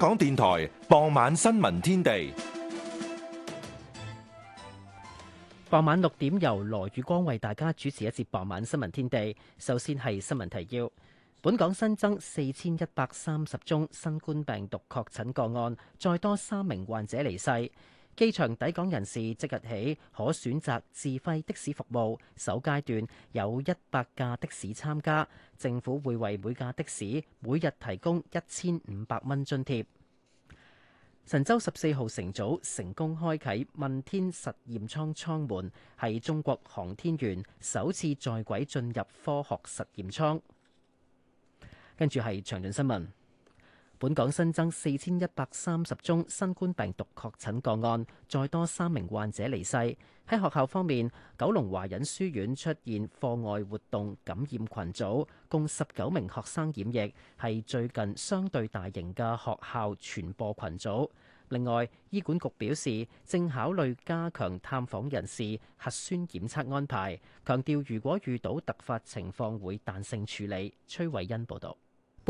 港電台傍晚新聞天地，傍晚六點由羅宇光為大家主持一節傍晚新聞天地。首先係新聞提要：本港新增四千一百三十宗新冠病毒確診個案，再多三名患者離世。機場抵港人士即日起可選擇自費的士服務，首階段有一百架的士參加，政府會為每架的士每日提供一千五百蚊津貼。神舟十四號乘組成功開啟問天實驗艙艙門，係中國航天員首次在軌進入科學實驗艙。跟住係詳盡新聞。本港新增四千一百三十宗新冠病毒確診個案，再多三名患者離世。喺學校方面，九龍華仁書院出現課外活動感染群組，共十九名學生染疫，係最近相對大型嘅學校傳播群組。另外，醫管局表示正考慮加強探訪人士核酸檢測安排，強調如果遇到突發情況會彈性處理。崔偉恩報道。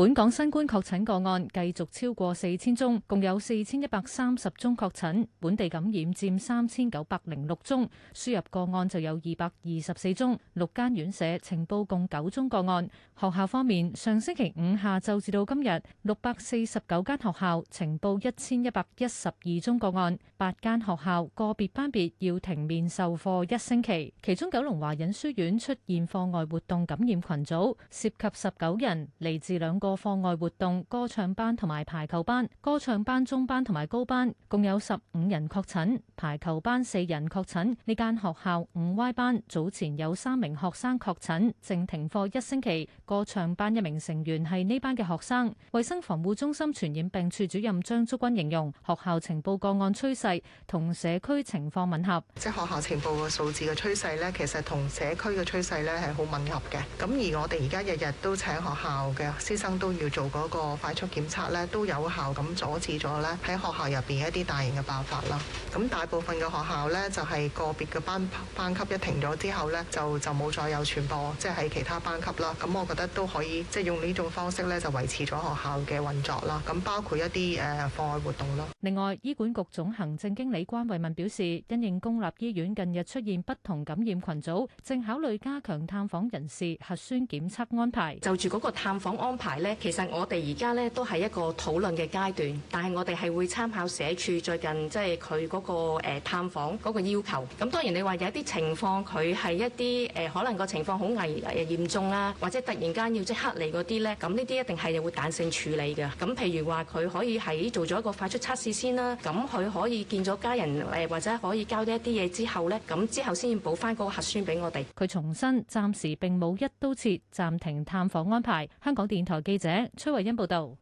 本港新冠確診個案繼續超過四千宗，共有四千一百三十宗確診，本地感染佔三千九百零六宗，輸入個案就有二百二十四宗。六間院舍呈報共九宗個案。學校方面，上星期五下晝至到今日，六百四十九間學校呈報一千一百一十二宗個案，八間學校個別班別要停面授課一星期，其中九龍華仁書院出現課外活動感染群組，涉及十九人，嚟自兩個。個課外活動歌唱班同埋排球班，歌唱班中班同埋高班共有十五人確診，排球班四人確診。呢間學校五歪班早前有三名學生確診，正停課一星期。歌唱班一名成員係呢班嘅學生。衛生防護中心傳染病處主任張竹君形容，學校呈報個案趨勢同社區情況吻合，即係學校呈報個數字嘅趨勢呢，其實同社區嘅趨勢呢係好吻合嘅。咁而我哋而家日日都請學校嘅師生，都要做嗰個快速檢測咧，都有效咁阻止咗咧喺學校入邊一啲大型嘅爆發啦。咁大部分嘅學校咧就係個別嘅班班級一停咗之後咧，就就冇再有傳播，即係喺其他班級啦。咁我覺得都可以即係用呢種方式咧，就維持咗學校嘅運作啦。咁包括一啲誒課外活動啦。另外，醫管局總行政經理關慧敏表示，因應公立醫院近日出現不同感染群組，正考慮加強探訪人士核酸檢測安排。就住嗰個探訪安排。咧，其實我哋而家咧都係一個討論嘅階段，但係我哋係會參考社署最近即係佢嗰個探訪嗰個要求。咁當然你話有一啲情況佢係一啲誒可能個情況好危嚴重啦，或者突然間要即刻嚟嗰啲咧，咁呢啲一定係會彈性處理嘅。咁譬如話佢可以喺做咗一個快速測試先啦，咁佢可以見咗家人誒，或者可以交咗一啲嘢之後咧，咁之後先要補翻嗰個核酸俾我哋。佢重申，暫時並冇一刀切暫停探訪安排。香港電台。記者崔慧欣報道：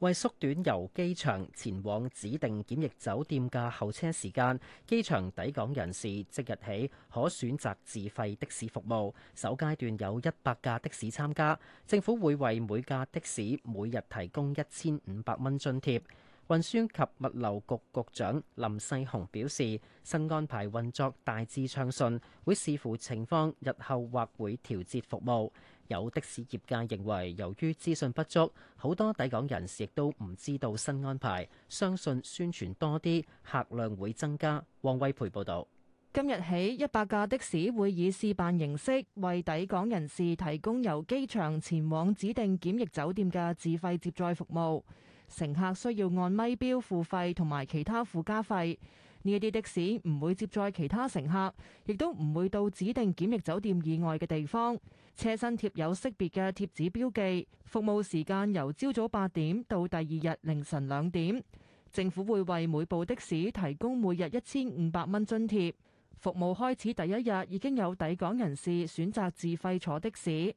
為縮短由機場前往指定檢疫酒店嘅候車時間，機場抵港人士即日起可選擇自費的士服務。首階段有一百架的士參加，政府會為每架的士每日提供一千五百蚊津貼。運輸及物流局局長林世雄表示，新安排運作大致暢順，會視乎情況日後或會調節服務。有的士業界認為，由於資訊不足，好多抵港人士亦都唔知道新安排。相信宣傳多啲，客量會增加。黃威培報導，今日起一百架的士會以試辦形式為抵港人士提供由機場前往指定檢疫酒店嘅自費接載服務。乘客需要按咪標付費同埋其他附加費。呢啲的士唔會接載其他乘客，亦都唔會到指定檢疫酒店以外嘅地方。車身貼有識別嘅貼紙標記，服務時間由朝早八點到第二日凌晨兩點。政府會為每部的士提供每日一千五百蚊津貼。服務開始第一日已經有抵港人士選擇自費坐的士。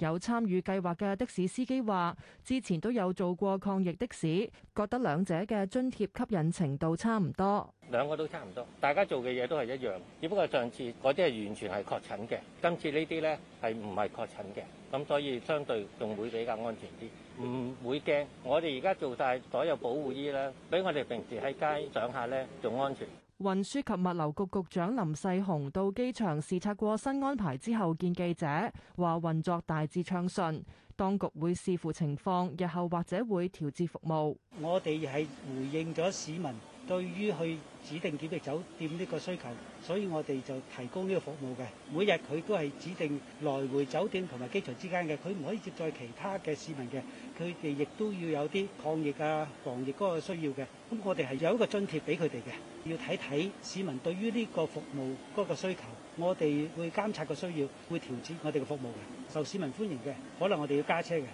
有參與計劃嘅的士司機話，之前都有做過抗疫的士，覺得兩者嘅津貼吸引程度差唔多，兩個都差唔多，大家做嘅嘢都係一樣，只不過上次嗰啲係完全係確診嘅，今次呢啲呢係唔係確診嘅，咁所以相對仲會比較安全啲，唔會驚。我哋而家做晒所有保護衣啦，比我哋平時喺街上下咧仲安全。運輸及物流局局長林世雄到機場視察過新安排之後，見記者話運作大致暢順，當局會視乎情況日後或者會調節服務。我哋係回應咗市民對於去。指定檢疫酒店呢個需求，所以我哋就提供呢個服務嘅。每日佢都係指定來回酒店同埋機場之間嘅，佢唔可以接載其他嘅市民嘅。佢哋亦都要有啲抗疫啊、防疫嗰個需要嘅。咁我哋係有一個津貼俾佢哋嘅。要睇睇市民對於呢個服務嗰個需求，我哋會監察個需要，會調節我哋嘅服務嘅。受市民歡迎嘅，可能我哋要加車嘅。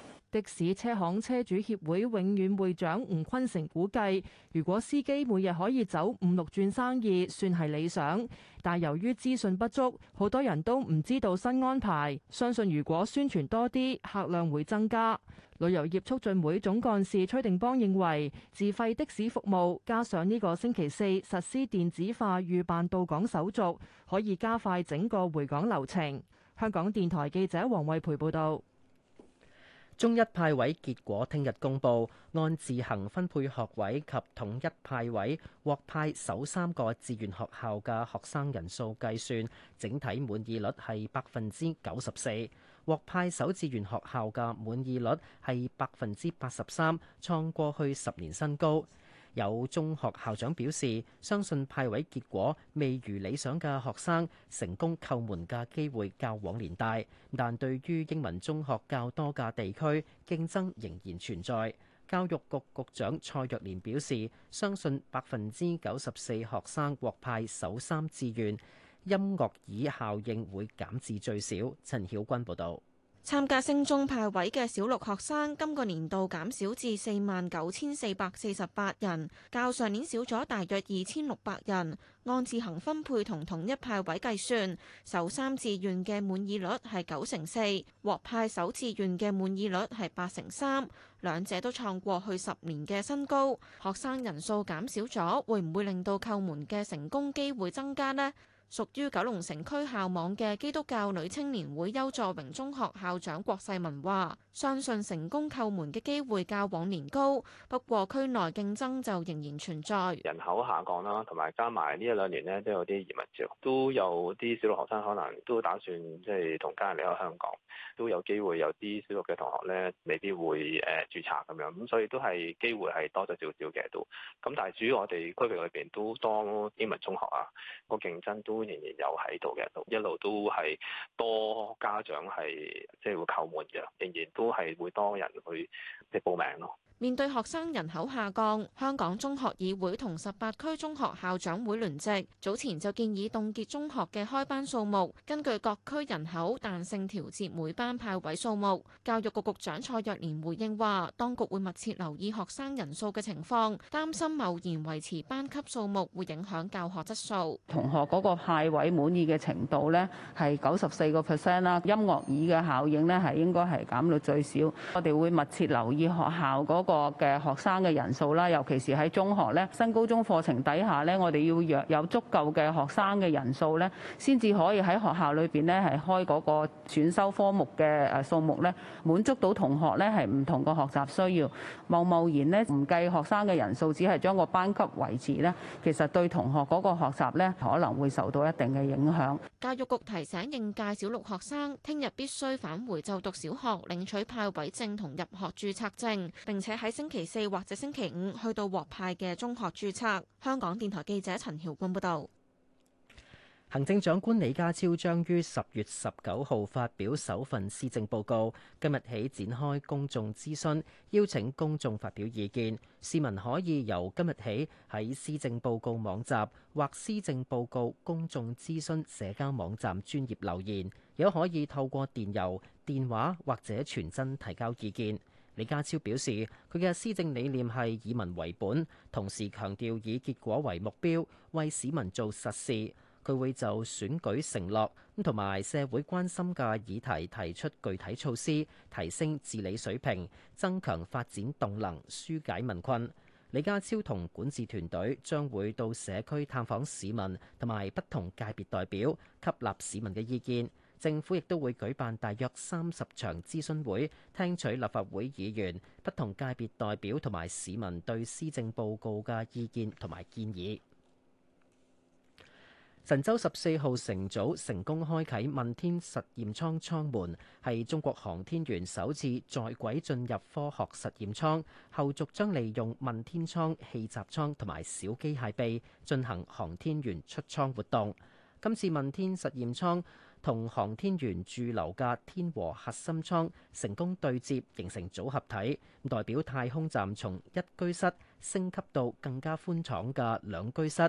的士車行車主協會永遠會長吳坤成估計，如果司機每日可以走五六轉生意，算係理想。但由於資訊不足，好多人都唔知道新安排。相信如果宣傳多啲，客量會增加。旅遊業促進會總幹事崔定邦認為，自費的士服務加上呢個星期四實施電子化預辦到港手續，可以加快整個回港流程。香港電台記者黃惠培報導。中一派位結果聽日公布，按自行分配學位及統一派位，獲派首三個志願學校嘅學生人數計算，整體滿意率係百分之九十四，獲派首志願學校嘅滿意率係百分之八十三，創過去十年新高。有中學校長表示，相信派位結果未如理想嘅學生成功叩門嘅機會較往年大，但對於英文中學較多嘅地區，競爭仍然存在。教育局局長蔡若蓮表示，相信百分之九十四學生獲派首三志願，音樂椅效應會減至最少。陳曉君報道。參加升中派位嘅小六學生今個年度減少至四萬九千四百四十八人，較上年少咗大約二千六百人。按自行分配同統一派位計算，首三志願嘅滿意率係九成四，獲派首志願嘅滿意率係八成三，兩者都創過去十年嘅新高。學生人數減少咗，會唔會令到叩門嘅成功機會增加呢？屬於九龍城區校網嘅基督教女青年會丘佐榮中學校長郭世文話，相信成功叩門嘅機會較往年高，不過區內競爭就仍然存在。人口下降啦，同埋加埋呢一兩年咧都有啲移民潮，都有啲小學生可能都打算即係同家人離開香港，都有機會有啲小學嘅同學呢未必會誒注冊咁樣，咁所以都係機會係多咗少少嘅都，咁但係主要我哋區域裏邊都多英文中學啊，個競爭都。仍然有喺度嘅，一路都係多家長係即係會叩門嘅，仍然都係會多人去即係報名咯。面對學生人口下降，香港中學議會同十八區中學校長會聯席早前就建議凍結中學嘅開班數目，根據各區人口彈性調節每班派位數目。教育局局長蔡若蓮回應話，當局會密切留意學生人數嘅情況，擔心貿然維持班級數目會影響教學質素。同學嗰個。派位滿意嘅程度咧係九十四個 percent 啦，音樂椅嘅效應咧係應該係減到最少。我哋會密切留意學校嗰個嘅學生嘅人數啦，尤其是喺中學咧，新高中課程底下咧，我哋要讓有足夠嘅學生嘅人數咧，先至可以喺學校裏邊咧係開嗰個選修科目嘅誒數目咧，滿足到同學咧係唔同嘅學習需要。貿貿然咧唔計學生嘅人數，只係將個班級維持咧，其實對同學嗰個學習咧可能會受有一定嘅影響。教育局提醒應屆小六學生，聽日必須返回就讀小學領取派位證同入學註冊證，並且喺星期四或者星期五去到獲派嘅中學註冊。香港電台記者陳曉君報道。行政長官李家超將於十月十九號發表首份施政報告，今日起展開公眾諮詢，邀請公眾發表意見。市民可以由今日起喺施政報告網站或施政報告公眾諮詢社交網站專頁留言，亦可以透過電郵、電話或者傳真提交意見。李家超表示，佢嘅施政理念係以民為本，同時強調以結果為目標，為市民做實事。佢會就選舉承諾同埋社會關心嘅議題提出具體措施，提升治理水平，增強發展動能，疏解民困。李家超同管治團隊將會到社區探訪市民同埋不同界別代表，吸納市民嘅意見。政府亦都會舉辦大約三十場諮詢會，聽取立法會議員、不同界別代表同埋市民對施政報告嘅意見同埋建議。神舟十四號乘組成功開啟問天實驗艙艙門，係中國航天員首次在軌進入科學實驗艙。後續將利用問天艙、氣閘艙同埋小機械臂進行航天員出艙活動。今次問天實驗艙同航天員駐留嘅天和核心艙成功對接，形成組合體，代表太空站從一居室升級到更加寬敞嘅兩居室。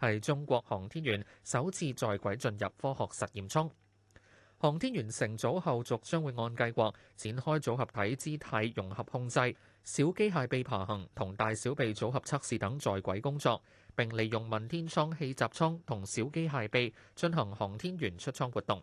係中國航天員首次在軌進入科學實驗艙，航天員乘組後續將會按計劃展開組合體姿態融合控制、小機械臂爬行同大小臂組合測試等在軌工作，並利用問天艙氣閘艙同小機械臂進行航天員出艙活動。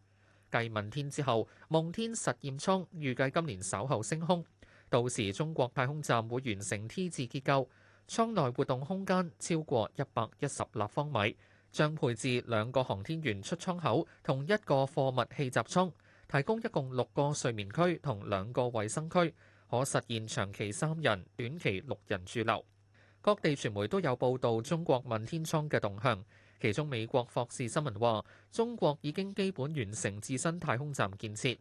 繼問天之後，夢天實驗艙預計今年稍後升空，到時中國太空站會完成 T 字結構，艙內活動空間超過一百一十立方米，將配置兩個航天員出艙口同一個貨物氣閘艙，提供一共六個睡眠區同兩個衛生區，可實現長期三人、短期六人駐留。各地傳媒都有報道中國問天艙嘅動向。其中，美國《霍士新聞》話中國已經基本完成自身太空站建設。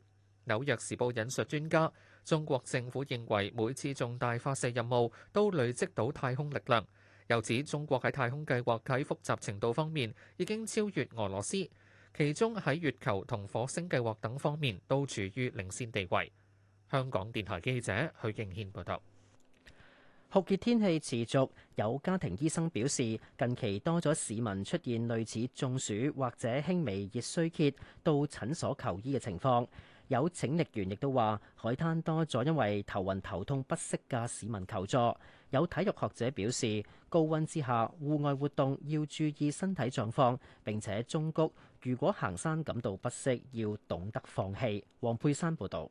紐約時報引述專家，中國政府認為每次重大發射任務都累積到太空力量。又指中國喺太空計劃喺複雜程度方面已經超越俄羅斯，其中喺月球同火星計劃等方面都處於領先地位。香港電台記者許敬軒報道。酷熱天氣持續，有家庭醫生表示，近期多咗市民出現類似中暑或者輕微熱衰竭到診所求醫嘅情況。有拯溺員亦都話，海灘多咗，因為頭暈頭痛不適嘅市民求助。有體育學者表示，高温之下戶外活動要注意身體狀況，並且忠告如果行山感到不適，要懂得放棄。黃佩珊報導。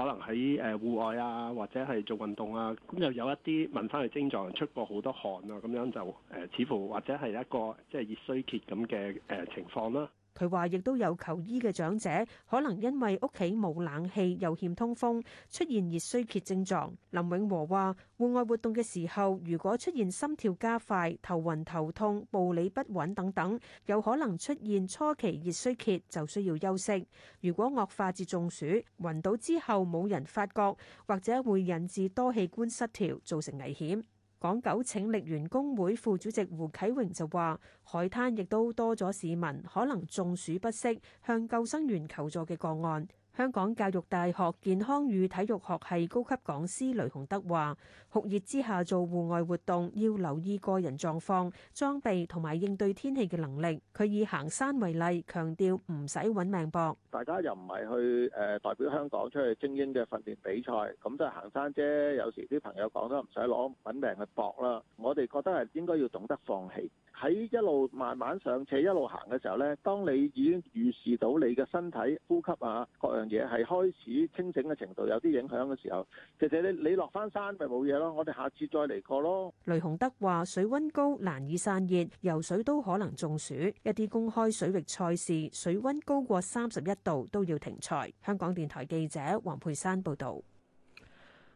可能喺誒戶外啊，或者係做運動啊，咁又有一啲問翻佢症狀，出過好多汗啊，咁樣就誒似乎或者係一個即係、就是、熱衰竭咁嘅誒情況啦。佢話，亦都有求醫嘅長者，可能因為屋企冇冷氣又欠通風，出現熱衰竭症狀。林永和話，戶外活動嘅時候，如果出現心跳加快、頭暈頭痛、步履不穩等等，有可能出現初期熱衰竭，就需要休息。如果惡化至中暑、暈倒之後冇人發覺，或者會引致多器官失調，造成危險。港九請力員工會副主席胡啟榮就話，海灘亦都多咗市民，可能中暑不適，向救生員求助嘅個案。香港教育大學健康與體育學系高級講師雷洪德雷雄德話，酷熱之下做戶外活動要留意個人狀況、裝備同埋應對天氣嘅能力。佢以行山為例，強調唔使搵命搏。大家又唔係去誒代表香港出去精英嘅訓練比賽，咁都係行山啫。有時啲朋友講得唔使攞搵命去搏啦。我哋覺得係應該要懂得放棄。喺一路慢慢上斜，一路行嘅時候咧，當你已經預示到你嘅身體呼吸啊各樣嘢係開始清醒嘅程度有啲影響嘅時候，其實你你落翻山咪冇嘢咯。我哋下次再嚟過咯。雷洪德話，水溫高難以散熱，游水都可能中暑。一啲公開水域賽事，水溫高過三十一度都要停賽。香港電台記者黃佩珊報道。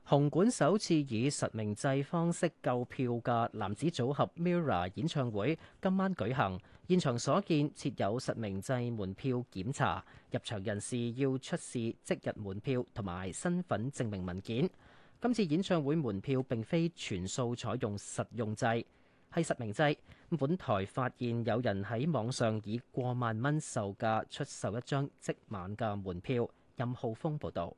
紅館首次以實名制方式購票嘅男子組合 Mirror 演唱會今晚舉行，現場所見設有實名制門票檢查，入場人士要出示即日門票同埋身份證明文件。今次演唱會門票並非全數採用實用制，係實名制。本台發現有人喺網上以過萬蚊售價出售一張即晚嘅門票。任浩峰報導。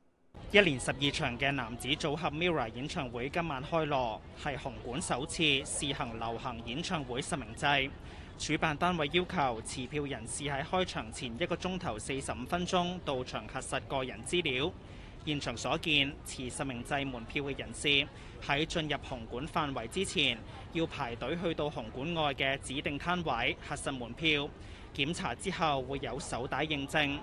一連十二場嘅男子組合 MIRROR 演唱會今晚開鑼，係紅館首次試行流行演唱會實名制。主辦單位要求持票人士喺開場前一個鐘頭四十五分鐘到場核實個人資料。現場所見，持實名制門票嘅人士喺進入紅館範圍之前，要排隊去到紅館外嘅指定攤位核實門票，檢查之後會有手帶認證。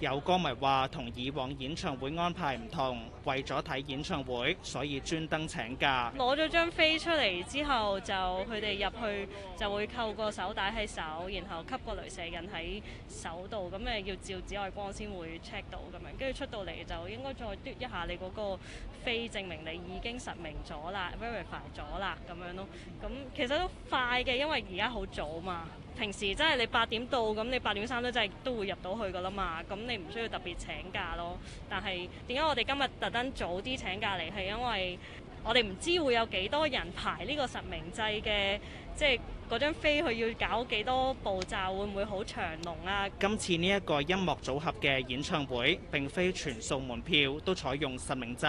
有歌迷話：同以往演唱會安排唔同，為咗睇演唱會，所以專登請假。攞咗張飛出嚟之後，就佢哋入去就會扣個手帶喺手，然後吸個雷射印喺手度，咁誒要照紫外光先會 check 到咁樣。跟住出到嚟就應該再嘟一下你嗰個飛，證明你已經實名咗啦，verify 咗啦咁樣咯。咁其實都快嘅，因為而家好早嘛。平時真係你八點到，咁你八點三都真係都會入到去㗎喇嘛，咁你唔需要特別請假咯。但係點解我哋今日特登早啲請假嚟，係因為我哋唔知會有幾多人排呢個實名制嘅，即係嗰張飛佢要搞幾多步驟，會唔會好長龍啊？今次呢一個音樂組合嘅演唱會並非全數門票都採用實名制。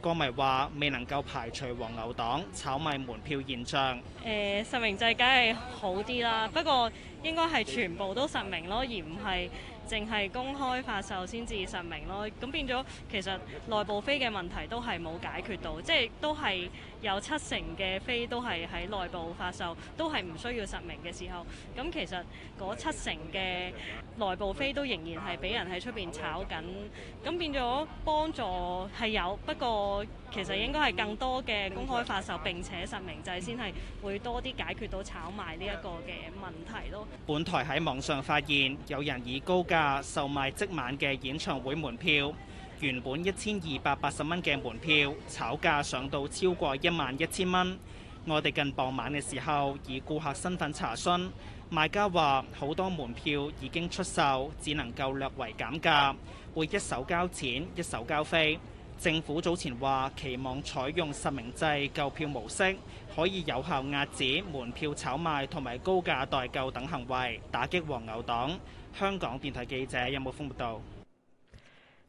歌迷話：未能夠排除黃牛黨炒賣門票現象。誒、呃、實名制梗係好啲啦，不過應該係全部都實名咯，而唔係。淨係公開發售先至實名咯，咁變咗其實內部飛嘅問題都係冇解決到，即係都係有七成嘅飛都係喺內部發售，都係唔需要實名嘅時候，咁其實嗰七成嘅內部飛都仍然係俾人喺出邊炒緊，咁變咗幫助係有，不過其實應該係更多嘅公開發售並且實名制先係會多啲解決到炒賣呢一個嘅問題咯。本台喺網上發現有人以高價售賣即晚嘅演唱會門票，原本一千二百八十蚊嘅門票，炒價上到超過一萬一千蚊。我哋近傍晚嘅時候，以顧客身份查詢，賣家話好多門票已經出售，只能夠略為減價，會一手交錢一手交飛。政府早前話期望採用實名制購票模式，可以有效壓止門票炒賣同埋高價代購等行為，打擊黃牛黨。香港電台記者任寶峰報道：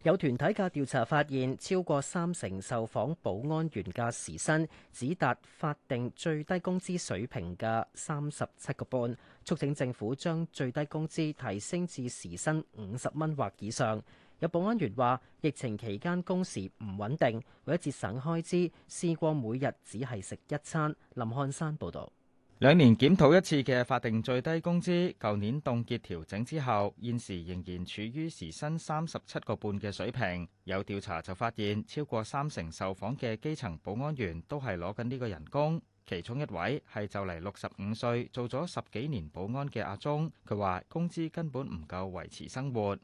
有團體嘅調查發現，超過三成受訪保安員嘅時薪只達法定最低工資水平嘅三十七個半，促請政府將最低工資提升至時薪五十蚊或以上。有保安員話：疫情期間工時唔穩定，為咗節省開支，試過每日只係食一餐。林漢山報道。兩年檢討一次嘅法定最低工資，舊年凍結調整之後，現時仍然處於時薪三十七個半嘅水平。有調查就發現，超過三成受訪嘅基層保安員都係攞緊呢個人工。其中一位係就嚟六十五歲，做咗十幾年保安嘅阿鐘，佢話工資根本唔夠維持生活。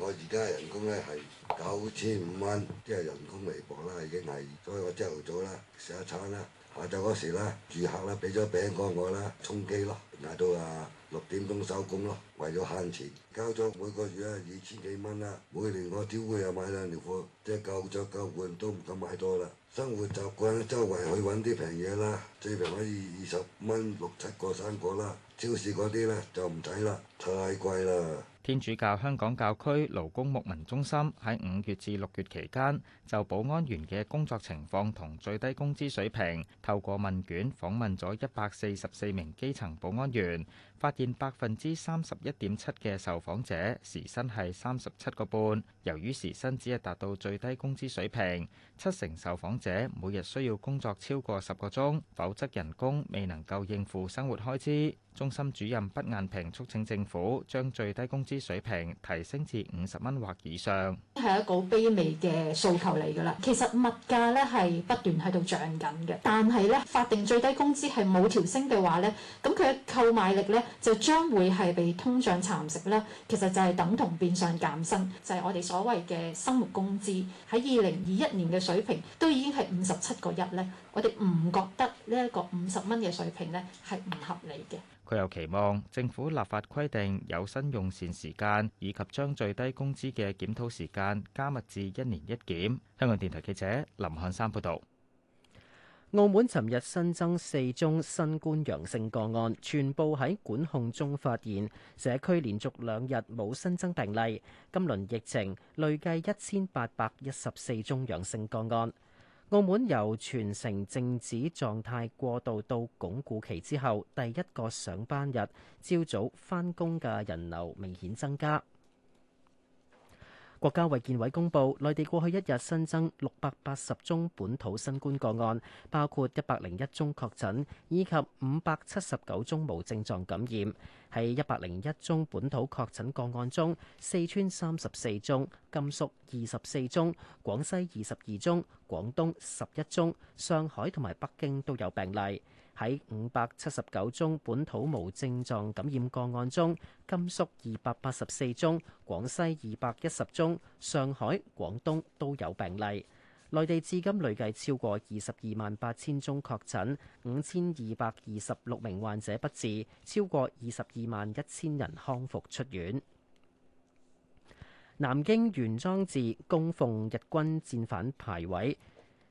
我而家人工咧係九千五蚊，即係人工微薄啦，已經係，所以我朝頭早啦食一餐啦。下晝嗰時啦，住客啦，俾咗餅乾我啦，充飢咯，捱到啊六點鐘收工咯，為咗慳錢，交咗每個月咧二千幾蚊啦，每年我屌佢又買兩條貨，即係夠就夠換，都唔敢買多啦。生活習慣周圍去揾啲平嘢啦，最平可以二十蚊六七個生果啦，超市嗰啲咧就唔使啦，太貴啦。天主教香港教區勞工牧民中心喺五月至六月期間就保安員嘅工作情況同最低工資水平，透過問卷訪問咗一百四十四名基層保安員。發現百分之三十一點七嘅受訪者時薪係三十七個半，由於時薪只係達到最低工資水平，七成受訪者每日需要工作超過十個鐘，否則人工未能夠應付生活開支。中心主任畢雁平促請政府將最低工資水平提升至五十蚊或以上，係一個卑微嘅訴求嚟㗎啦。其實物價咧係不斷喺度漲緊嘅，但係咧法定最低工資係冇調升嘅話咧，咁佢嘅購買力咧～就將會係被通脹蠶食啦，其實就係等同變相減薪，就係我哋所謂嘅生活工資喺二零二一年嘅水平都已經係五十七個一咧，我哋唔覺得呢一個五十蚊嘅水平咧係唔合理嘅。佢又期望政府立法規定有薪用膳時間，以及將最低工資嘅檢討時間加密至一年一檢。香港電台記者林漢山報導。澳門尋日新增四宗新冠陽性個案，全部喺管控中發現，社區連續兩日冇新增病例。今輪疫情累計一千八百一十四宗陽性個案。澳門由全城靜止狀態過渡到鞏固期之後，第一個上班日，朝早返工嘅人流明顯增加。國家衛健委公布，內地過去一日新增六百八十宗本土新冠個案，包括一百零一宗確診以及五百七十九宗無症狀感染。喺一百零一宗本土確診個案中，四川三十四宗，甘肅二十四宗，廣西二十二宗，廣東十一宗，上海同埋北京都有病例。喺五百七十九宗本土無症狀感染個案中，甘肅二百八十四宗，廣西二百一十宗，上海、廣東都有病例。內地至今累計超過二十二萬八千宗確診，五千二百二十六名患者不治，超過二十二萬一千人康復出院。南京玄奘寺供奉日軍戰犯牌位，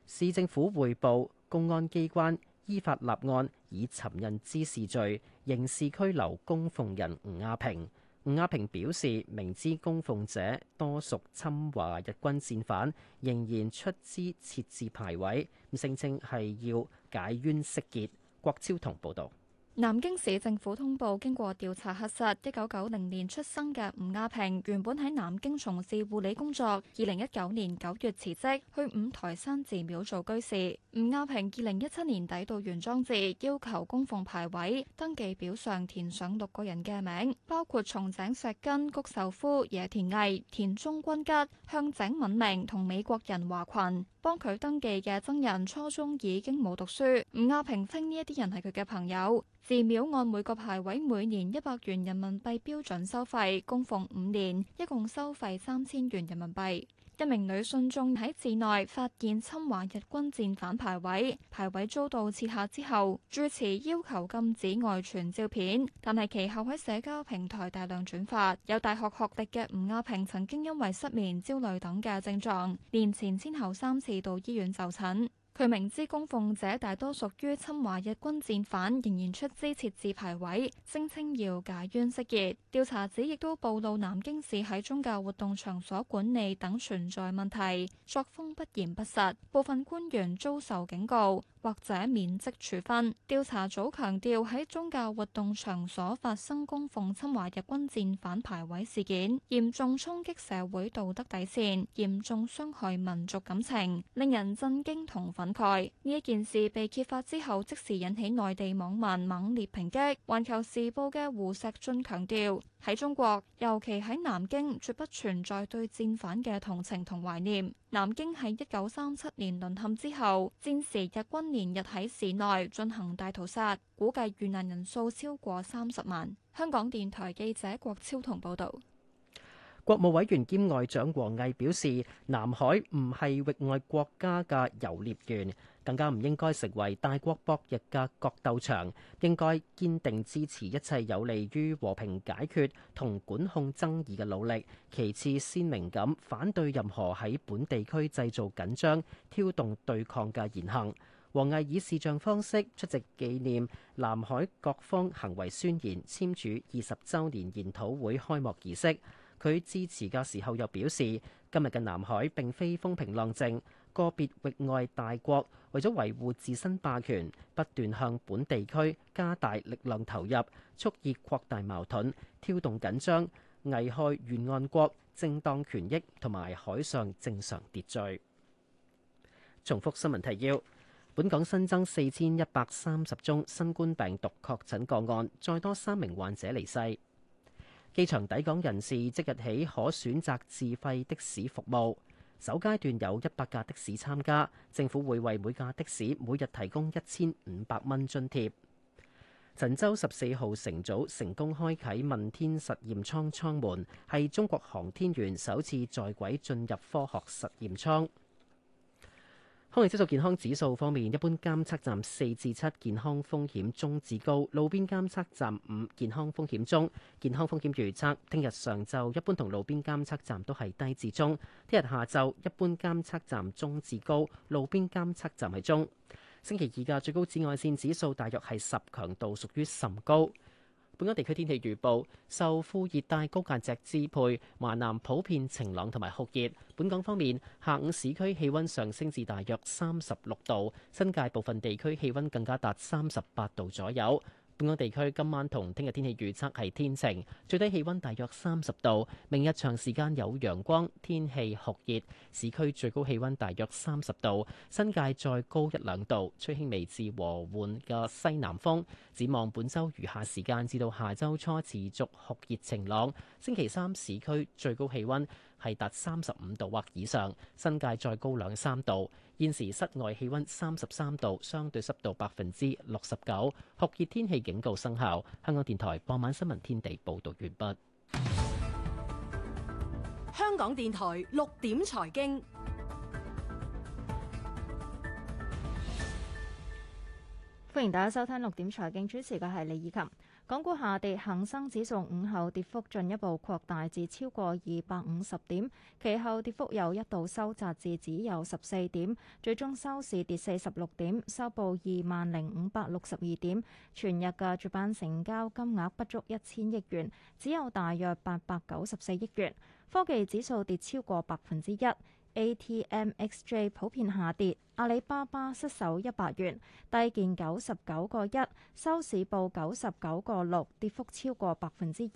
市政府彙報公安機關。依法立案，以尋釁滋事罪刑事拘留供奉人吳亞平。吳亞平表示，明知供奉者多屬侵華日軍戰犯，仍然出資設置牌位，聲稱係要解冤釋結。郭超同報導。南京市政府通報，經過調查核實，一九九零年出生嘅吳亞平，原本喺南京從事護理工作，二零一九年九月辭職去五台山寺廟做居士。吳亞平二零一七年底到玄奘寺，要求供奉牌位，登記表上填上六個人嘅名，包括松井石根、谷壽夫、野田毅、田中軍吉、向井敏明同美國人華群。幫佢登記嘅僧人初中已經冇讀書。吳亞平稱呢一啲人係佢嘅朋友。寺廟按每個牌位每年一百元人民幣標準收費，供奉五年，一共收費三千元人民幣。一名女信眾喺寺內發現侵華日軍戰犯牌位，牌位遭到撤下之後，住持要求禁止外傳照片，但係其後喺社交平台大量轉發。有大學學歷嘅吳亞平曾經因為失眠、焦慮等嘅症狀，年前先後三次到醫院就診。佢明知供奉者大多屬於侵華日軍戰犯，仍然出資設置牌位，聲稱要解冤釋結。調查指亦都暴露南京市喺宗教活動場所管理等存在問題，作風不嚴不實，部分官員遭受警告。或者免職處分。調查組強調，喺宗教活動場所發生供奉侵華日軍戰犯牌位事件，嚴重衝擊社會道德底線，嚴重傷害民族感情，令人震驚同憤慨。呢一件事被揭發之後，即時引起內地網民猛烈抨擊。環球時報嘅胡錫進強調。喺中國，尤其喺南京，絕不存在對戰犯嘅同情同懷念。南京喺一九三七年淪陷之後，戰時日軍連日喺市內進行大屠殺，估計遇難人數超過三十萬。香港電台記者郭超同報導。國務委員兼外長王毅表示，南海唔係域外國家嘅遊獵園。更加唔應該成為大國博弈嘅角鬥場，應該堅定支持一切有利於和平解決同管控爭議嘅努力。其次，鮮明咁反對任何喺本地區製造緊張、挑動對抗嘅言行。王毅以視像方式出席紀念南海各方行為宣言簽署二十週年研討會開幕儀式。佢支持嘅時候又表示，今日嘅南海並非風平浪靜。個別域外大國為咗維護自身霸權，不斷向本地區加大力量投入，蓄意擴大矛盾、挑動緊張、危害沿岸國正當權益同埋海上正常秩序。重複新聞提要：本港新增四千一百三十宗新冠病毒確診個案，再多三名患者離世。機場抵港人士即日起可選擇自費的士服務。首階段有一百架的士參加，政府會為每架的士每日提供一千五百蚊津貼。神舟十四號乘組成功開啟問天實驗艙艙門，係中國航天員首次在軌進入科學實驗艙。空氣質素健康指數方面，一般監測站四至七健康風險中至高，路邊監測站五健康風險中。健康風險預測，聽日上晝一般同路邊監測站都係低至中，聽日下晝一般監測站中至高，路邊監測站係中。星期二嘅最高紫外線指數大約係十，強度屬於甚高。本港地區天氣預報，受副熱帶高壓脊支配，華南普遍晴朗同埋酷熱。本港方面，下午市區氣温上升至大約三十六度，新界部分地區氣温更加達三十八度左右。本港地區今晚同聽日天氣預測係天晴，最低氣温大約三十度。明日長時間有陽光，天氣酷熱，市區最高氣温大約三十度，新界再高一兩度，吹輕微至和緩嘅西南風。展望本週餘下時間至到下週初持續酷熱晴朗。星期三市區最高氣温係達三十五度或以上，新界再高兩三度。現時室外氣温三十三度，相對濕度百分之六十九，酷熱天氣警告生效。香港電台傍晚新聞天地報道完畢。香港電台六點財經，歡迎大家收聽六點財經，主持嘅係李以琴。港股下跌，恒生指數午後跌幅進一步擴大至超過二百五十點，其後跌幅有一度收窄至只有十四點，最終收市跌四十六點，收報二萬零五百六十二點，全日嘅主板成交金額不足一千億元，只有大約八百九十四億元。科技指數跌超過百分之一。A.T.M.X.J 普遍下跌，阿里巴巴失守一百元，低見九十九個一，收市報九十九個六，跌幅超過百分之二。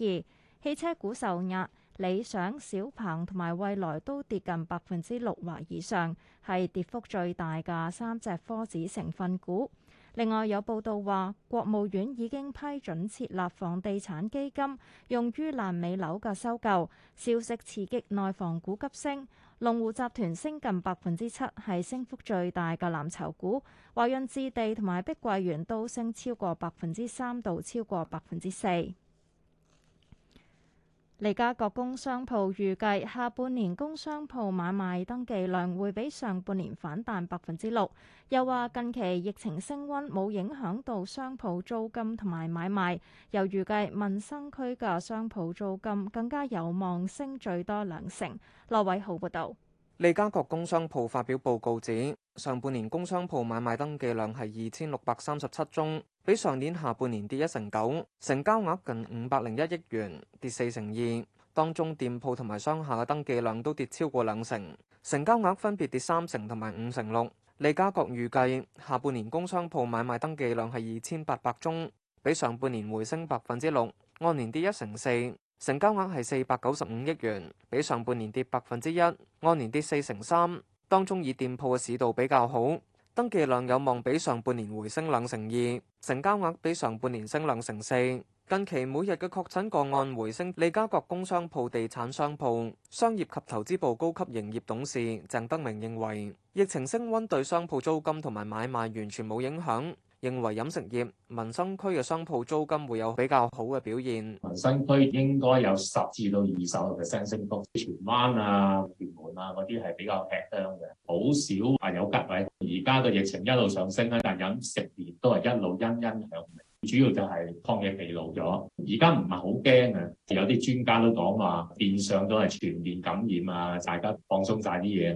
汽車股受壓，理想、小鵬同埋蔚來都跌近百分之六或以上，係跌幅最大嘅三隻科指成分股。另外有報道話，國務院已經批准設立房地產基金，用於爛尾樓嘅收購，消息刺激內房股急升。龍湖集團升近百分之七，係升幅最大嘅藍籌股。華潤置地同埋碧桂園都升超過百分之三，到超過百分之四。利嘉閣工商鋪預計下半年工商鋪買賣登記量會比上半年反彈百分之六，又話近期疫情升溫冇影響到商鋪租金同埋買賣，又預計民生區嘅商鋪租金更加有望升最多兩成。羅偉浩報導。利嘉閣工商鋪發表報告指，上半年工商鋪買賣登記量係二千六百三十七宗。比上年下半年跌一成九，成交額近五百零一億元，跌四成二。當中店鋪同埋商廈嘅登記量都跌超過兩成，成交額分別跌三成同埋五成六。利嘉閣預計下半年工商鋪買賣登記量係二千八百宗，比上半年回升百分之六，按年跌一成四。成交額係四百九十五億元，比上半年跌百分之一，按年跌四成三。當中以店鋪嘅市道比較好。登記量有望比上半年回升兩成二，成交額比上半年升兩成四。近期每日嘅確診個案回升，利嘉閣工商鋪地產商鋪商業及投資部高級營業董事鄭德明認為，疫情升溫對商鋪租金同埋買賣完全冇影響。認為飲食業民生區嘅商鋪租金會有比較好嘅表現，民生區應該有十至到二十個 percent 升幅，荃灣啊、屯門啊嗰啲係比較吃香嘅，好少話有吉位。而家嘅疫情一路上升，但飲食業都係一路欣欣向榮，主要就係抗疫疲勞咗，而家唔係好驚啊，有啲專家都講話變相都係全面感染啊，大家放鬆晒啲嘢。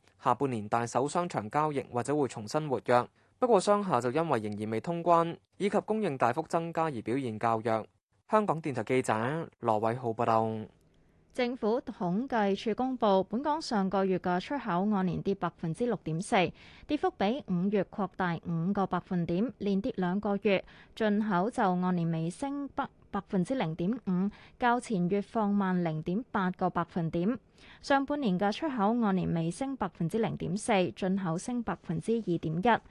下半年大手商場交易或者會重新活躍，不過商廈就因為仍然未通關以及供應大幅增加而表現較弱。香港電台記者羅偉浩報道。政府統計處公布，本港上個月嘅出口按年跌百分之六點四，跌幅比五月擴大五個百分點，連跌兩個月。進口就按年微升百百分之零點五，較前月放慢零點八個百分點。上半年嘅出口按年微升百分之零點四，進口升百分之二點一。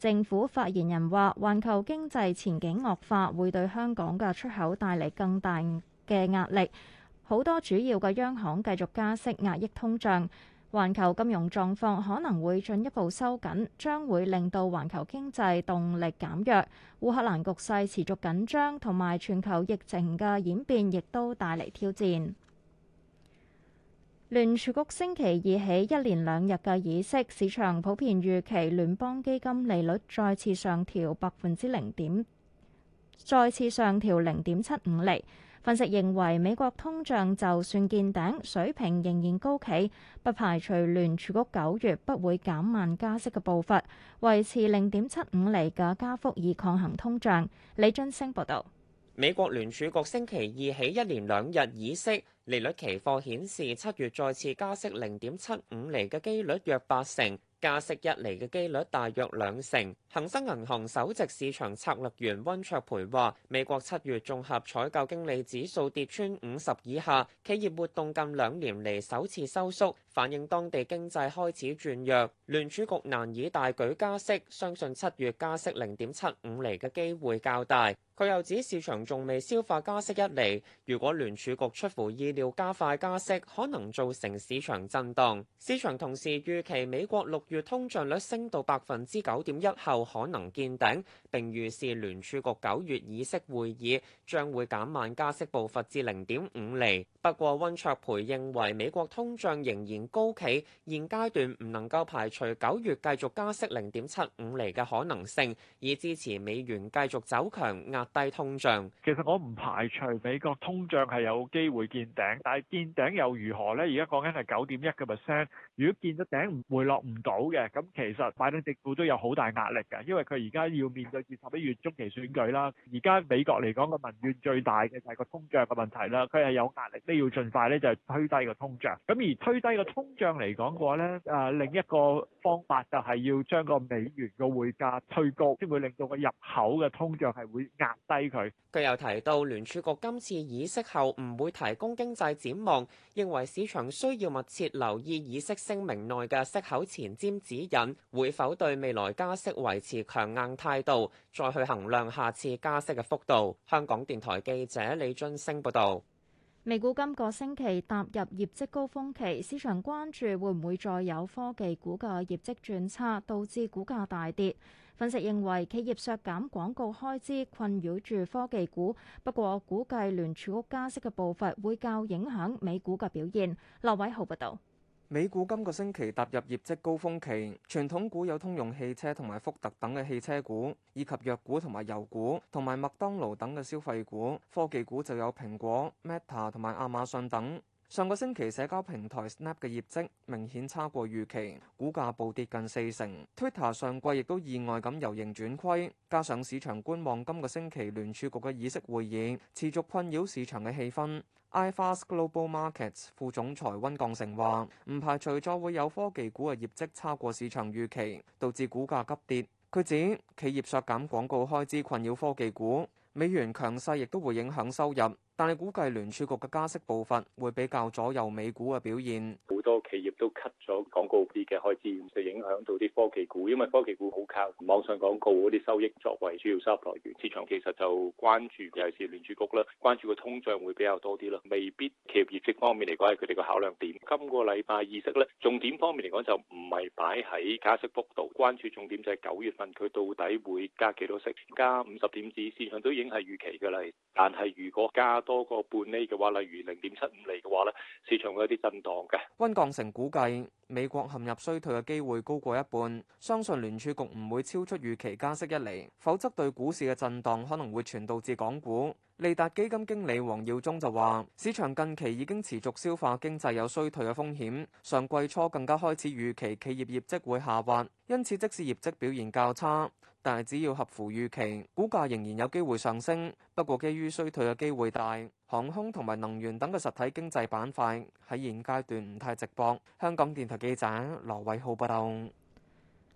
政府發言人話，環球經濟前景惡化，會對香港嘅出口帶嚟更大嘅壓力。好多主要嘅央行繼續加息壓抑通脹，環球金融狀況可能會進一步收緊，將會令到環球經濟動力減弱。烏克蘭局勢持續緊張同埋全球疫情嘅演變亦都帶嚟挑戰。聯儲局星期二起一連兩日嘅議息，市場普遍預期聯邦基金利率再次上調百分之零點，再次上調零點七五厘。分析認為，美國通脹就算見頂水平仍然高企，不排除聯儲局九月不會減慢加息嘅步伐，維持零點七五厘嘅加幅以抗衡通脹。李津升報道：美國聯儲局星期二起一連兩日議息，利率期貨顯示七月再次加息零點七五厘嘅機率約八成。加息日嚟嘅機率大約兩成。恒生銀行首席市場策略員温卓培話，美國七月綜合採購經理指數跌穿五十以下，企業活動近兩年嚟首次收縮，反映當地經濟開始轉弱，聯儲局難以大舉加息，相信七月加息零點七五釐嘅機會較大。佢又指市場仲未消化加息一釐，如果聯儲局出乎意料加快加息，可能造成市場震盪。市場同時預期美國六月通脹率升到百分之九點一後可能見頂，並預示聯儲局九月議息會議將會減慢加息步伐至零點五釐。不過溫卓培認為美國通脹仍然高企，現階段唔能夠排除九月繼續加息零點七五釐嘅可能性，以支持美元繼續走強，壓低通脹。其實我唔排除美國通脹係有機會見頂，但係見頂又如何呢？而家講緊係九點一嘅 percent，如果見咗頂，回落唔到嘅，咁其實拜登政府都有好大壓力㗎，因為佢而家要面對住十一月中期選舉啦。而家美國嚟講個民怨最大嘅就係個通脹嘅問題啦，佢係有壓力，都要盡快呢就係推低個通脹。咁而推低個。通脹嚟講嘅話咧，誒另一個方法就係要將個美元嘅匯價推高，先會令到個入口嘅通脹係會壓低佢。佢又提到聯儲局今次議息後唔會提供經濟展望，認為市場需要密切留意議息聲明內嘅息口前瞻指引，會否對未來加息維持強硬態度，再去衡量下次加息嘅幅度。香港電台記者李俊升報道。美股今個星期踏入業績高峰期，市場關注會唔會再有科技股嘅業績轉差，導致股價大跌。分析認為企業削減廣告開支困擾住科技股，不過估計聯儲局加息嘅步伐會較影響美股嘅表現。劉偉豪報導。美股今個星期踏入業績高峰期，傳統股有通用汽車同埋福特等嘅汽車股，以及藥股同埋油股，同埋麥當勞等嘅消費股；科技股就有蘋果、Meta 同埋亞馬遜等。上個星期社交平台 Snap 嘅業績明顯差過預期，股價暴跌近四成。Twitter 上季亦都意外咁由盈轉虧，加上市場觀望今個星期聯儲局嘅議息會議，持續困擾市場嘅氣氛。iFast Global Markets 副總裁温鋼成話：唔排除再會有科技股嘅業績差過市場預期，導致股價急跌。佢指企業削減廣告開支困擾科技股，美元強勢亦都會影響收入。但係估計聯儲局嘅加息部分會比較左右美股嘅表現，好多企業都 cut 咗廣告啲嘅開支，就影響到啲科技股，因為科技股好靠網上廣告嗰啲收益作為主要收入來源。市場其實就關注尤其是聯儲局啦，關注個通脹會比較多啲啦，未必企業業績方面嚟講係佢哋個考量點。今個禮拜議息咧，重點方面嚟講就唔係擺喺加息幅度，關注重點就係九月份佢到底會加幾多息，加五十點子，市場都已經係預期噶啦。但係如果加多過半厘嘅話，例如零點七五厘嘅話呢，市場會有啲震盪嘅。溫鋼城估計美國陷入衰退嘅機會高過一半，相信聯儲局唔會超出預期加息一釐，否則對股市嘅震盪可能會傳導至港股。利達基金經理王耀忠就話：市場近期已經持續消化經濟有衰退嘅風險，上季初更加開始預期企業業績會下滑，因此即使業績表現較差。但係只要合乎預期，股價仍然有機會上升。不過，基於衰退嘅機會大，航空同埋能源等嘅實體經濟板塊喺現階段唔太值博。香港電台記者羅偉浩報道。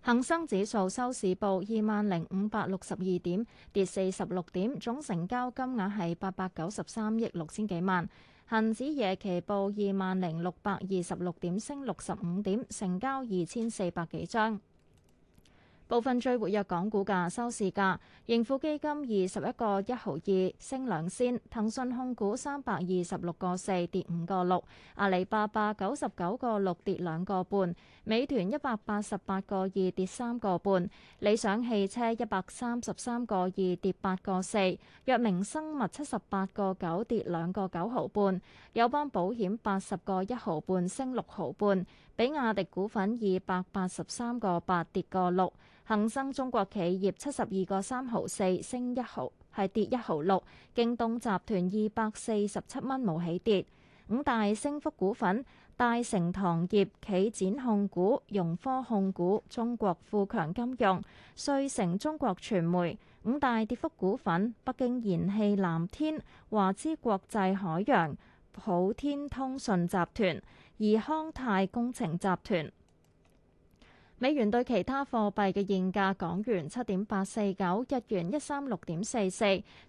恆生指數收市報二萬零五百六十二點，跌四十六點，總成交金額係八百九十三億六千幾萬。恆指夜期報二萬零六百二十六點，升六十五點，成交二千四百幾張。部分最活躍港股價收市價，盈富基金二十一個一毫二，升兩仙；騰訊控股三百二十六個四，跌五個六；阿里巴巴九十九個六，跌兩個半；美團一百八十八個二，跌三個半；理想汽車一百三十三個二，跌八個四；藥明生物七十八個九，跌兩個九毫半；友邦保險八十個一毫半，升六毫半。比亞迪股份二百八十三個八跌個六，恒生中國企業七十二個三毫四升一毫，係跌一毫六。京東集團二百四十七蚊冇起跌。五大升幅股份：大成糖業、企展控股、融科控股、中國富強金融、瑞誠中國傳媒。五大跌幅股份：北京燃氣、藍天、華資國際、海洋、普天通訊集團。而康泰工程集團。美元對其他貨幣嘅現價：港元七點八四九，日元一三六點四四，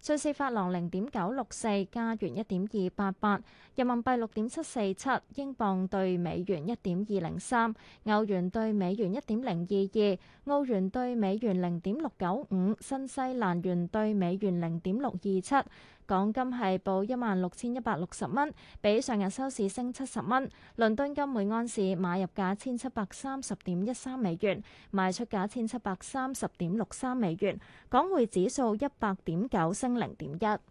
瑞士法郎零點九六四，加元一點二八八，人民幣六點七四七，英鎊對美元一點二零三，歐元對美元一點零二二，澳元對美元零點六九五，新西蘭元對美元零點六二七。港金係報一萬六千一百六十蚊，比上日收市升七十蚊。倫敦金每安士買入價千七百三十點一三美元，賣出價千七百三十點六三美元。港匯指數一百點九升零點一。